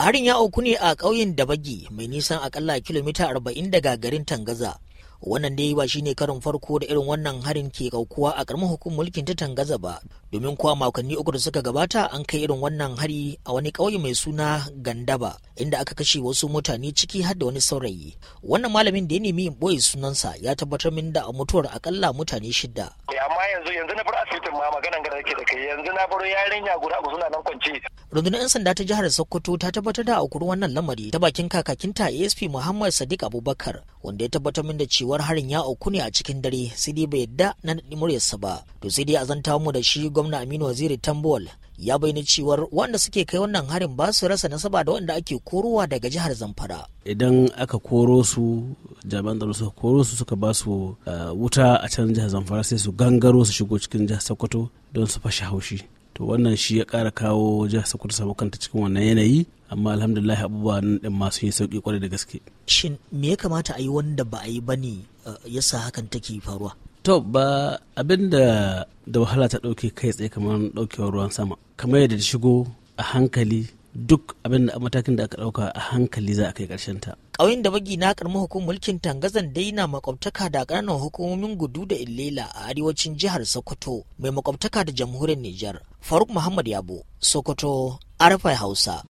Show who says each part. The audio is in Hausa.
Speaker 1: Harin ya auku ne a ƙauyen Dabagi mai nisan akalla kilomita arba'in daga garin Tangaza. Wannan da yi ba shine karin farko da irin wannan harin ke kaukuwa a ƙaramin hukumar mulkin ta Tangaza ba, domin kuwa makonni uku da suka gabata an kai irin wannan hari a wani ƙauye mai suna Gandaba, inda aka kashe wasu mutane ciki har da wani saurayi. Wannan malamin da ya nemi in ɓoye sunansa ya tabbatar min da a mutuwar akalla mutane shida.
Speaker 2: amma yanzu yanzu na bar asibitin ma maganan gara yake da kai yanzu na bar yarinya guda uku suna nan kwance
Speaker 1: rundunar 'yan sanda ta jihar sokoto ta tabbatar da aukuwar wannan lamari ta bakin kakakin kakakinta asp muhammad sadiq abubakar wanda ya tabbatar min da cewar harin ya auku ne a cikin dare sai dai bai yadda na naɗi muryarsa ba to sai dai a zanta mu da shi gwamna aminu waziri tambol ya bayyana cewar wanda suke kai wannan harin ba su rasa nasaba da wanda ake korowa daga jihar zamfara
Speaker 2: idan aka koro su jami'an tsaro suka koro su suka ba su eh, wuta a can jihar zamfara sai su gangaro su shigo cikin jihar sokoto don su fashe haushi to wannan shi ya kara kawo jihar sokoto samu kanta cikin wannan yanayi amma alhamdulillah abubuwa nan din masu yi sauki kwarai da gaske shin
Speaker 1: me ya kamata a yi wanda ba a yi ba ne eh, yasa hakan take faruwa
Speaker 2: to ba abin da da wahala ta ɗauke kai tsaye kamar ɗaukewar ruwan sama kamar yadda ta shigo a hankali duk abin da matakin da aka ɗauka a hankali za a kai ƙarshen ta.
Speaker 1: Ƙauyen da bagi na karmi hukumar mulkin Tangazan dai na makwabtaka da ƙananan hukumomin gudu da Illela a arewacin jihar Sokoto mai makwabtaka da jamhuriyar Nijar. Faruk Muhammad Yabo, Sokoto, Arafai Hausa.